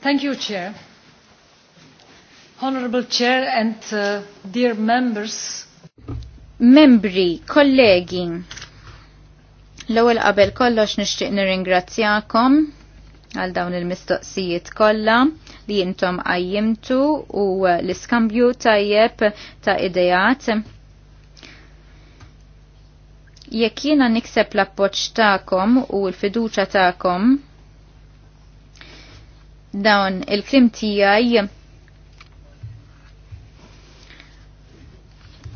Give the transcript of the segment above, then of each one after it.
Thank you, Chair. Honorable Chair and uh, dear members. Membri, kollegi, l-ewwel qabel kollox nixtieq nirringrazzjakom għal dawn il-mistoqsijiet kollha li intom għajjimtu u l-iskambju tajjeb ta' idejat. Jekk jiena nikseb l-appoġġ tagħkom u l-fiduċja tagħkom dawn il-klim tijaj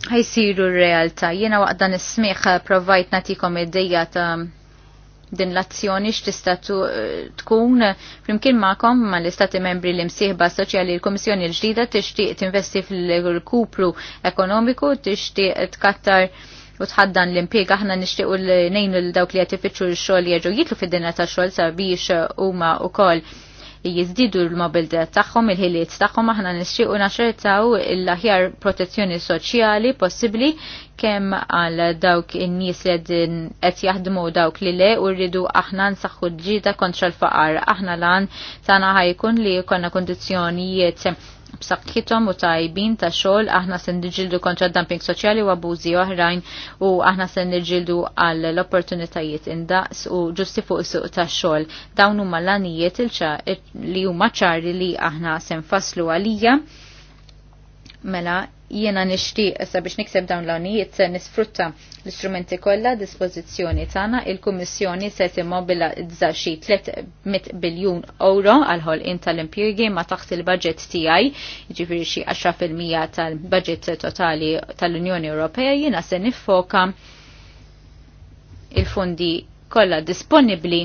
ħajsiru r-realtà. Jena waqt dan is-smieħ provajt natikom id ta' din l-azzjoni x'tista' tkun flimkien magħkom mal-istati membri li msieħba soċjali l-Kummissjoni l-ġdida tixtieq tinvesti fil-kupru ekonomiku, tixtieq tkattar u tħaddan l-impieg aħna nixtiequ l-nejnu l-dawk li qed ifittxu x-xogħl jerġgħu jitlu fid-dinja tax-xogħol sabiex huma wkoll jizdidu l-mobilità tagħhom, il-ħiliet tagħhom aħna nixtiequ naċertaw l-aħjar protezzjoni soċjali possibbli kemm għal dawk in-nies li qed jaħdmu dawk li le u rridu aħna nsaħħu ġita kontra l-faqar. Aħna lan tagħna ħajkun li jkollna kondizzjonijiet b'saqħithom u tajbin ta' xogħol aħna se niġġieldu kontra dumping soċjali u abużi oħrajn u aħna se niġġieldu għal l-opportunitajiet indaqs u ġusti fuq is-suq tax-xogħol. Dawn huma l-għanijiet li huma ċari li aħna se nfasslu għalija Mela, jiena nixtieq sabiex nikseb dawn l-għonijiet se nisfrutta l-istrumenti kollha dispożizzjoni tagħna il-Kummissjoni se timmobilizza xi 300 biljun euro għal ħolqien tal-impjiegi ma taħt il-budget tiegħi, jiġifieri xi 10% tal-budget totali tal-Unjoni Ewropea jiena se niffoka il-fondi kollha disponibbli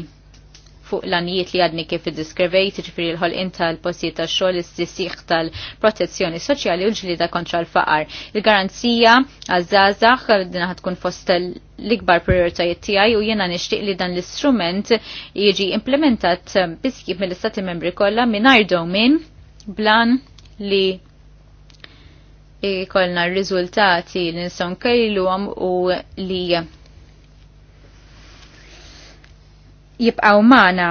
fuq l-anijiet li għadni kif id-diskrivejt, ġifiri l-ħolqin tal-postijiet tax-xogħol, is-sisiħ tal-protezzjoni soċjali u ġlida kontra l-faqar. Il-garanzija għaż-żgħażagħ din tkun fost l-ikbar prioritajiet tiegħi u jiena nixtieq li dan l-istrument jiġi implementat biskib mill-Istati Membri kollha mingħajr domin blan li ikolna r-riżultati li nison nkejluhom u li jibqaw mana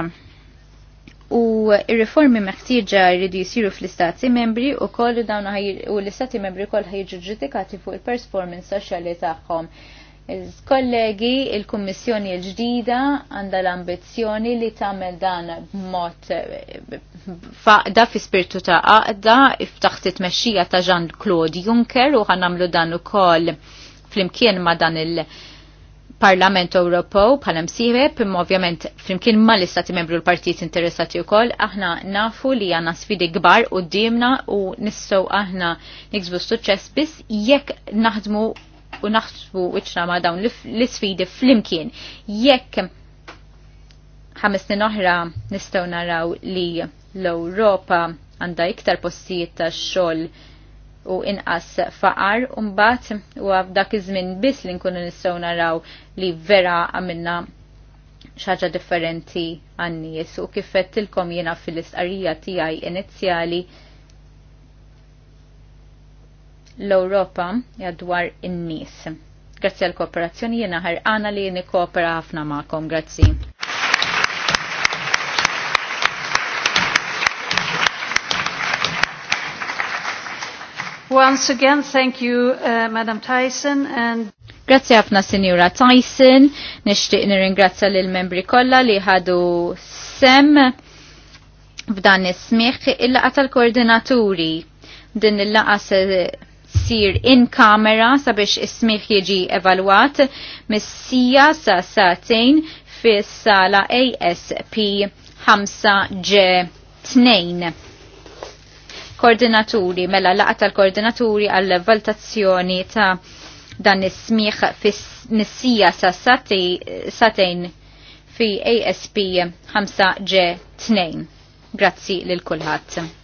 u il riformi meħtieġa jridu jisiru fl-istati membri u koll dawn u l-istati membri koll ħajġu ġudikati fuq il-performance soċjali tagħhom. Il-kollegi, il-Kummissjoni l-ġdida għandha l-ambizzjoni li tagħmel dan b'mod faqda fi spirtu ta' għaqda f'taħt it-mexxija ta' Jean-Claude Juncker u ħanamlu dan ukoll flimkien ma' dan il- Parlament Ewropew bħala msieħeb imma ovvjament flimkien ma l-istati membru l-partijiet interessati wkoll aħna nafu li għandna sfidi kbar qudiemna u nistgħu aħna niksbu suċċess biss jekk naħdmu u naħsbu wiċċna ma' dawn l-sfidi flimkien. Jekk ħames snin oħra nistgħu naraw li l-Ewropa għandha iktar postijiet tax xogħol u inqas faqar u mbagħad u għafdak iż-żmien biss li nkunu nistgħu naraw li vera għamilna xaġa differenti għannies u kif tilkom jiena fil-istqarrija tiegħi inizjali l-Ewropa jadwar in-nies. Grazzi għall kooperazzjoni jena ħarqana li nikkoopera ħafna magħkom. Grazzi. Once again, thank you, uh, Madam Tyson. And Grazie ħafna Sinjura Tyson. Nixtieq nirringrazzja l membri kollha li ħadu sem f'dan is-smieħ il-laqa tal-koordinaturi. Din il-laqa sir in kamera sabiex is-smieħ jiġi evalwat mis-sija sa satin fis-sala ASP 5G 2 koordinaturi mela laqa tal-koordinaturi għall valtazzjoni ta' dan is smigħ fis-nissija sa' satejn fi ASP 5G2. Grazzi lil kulħadd.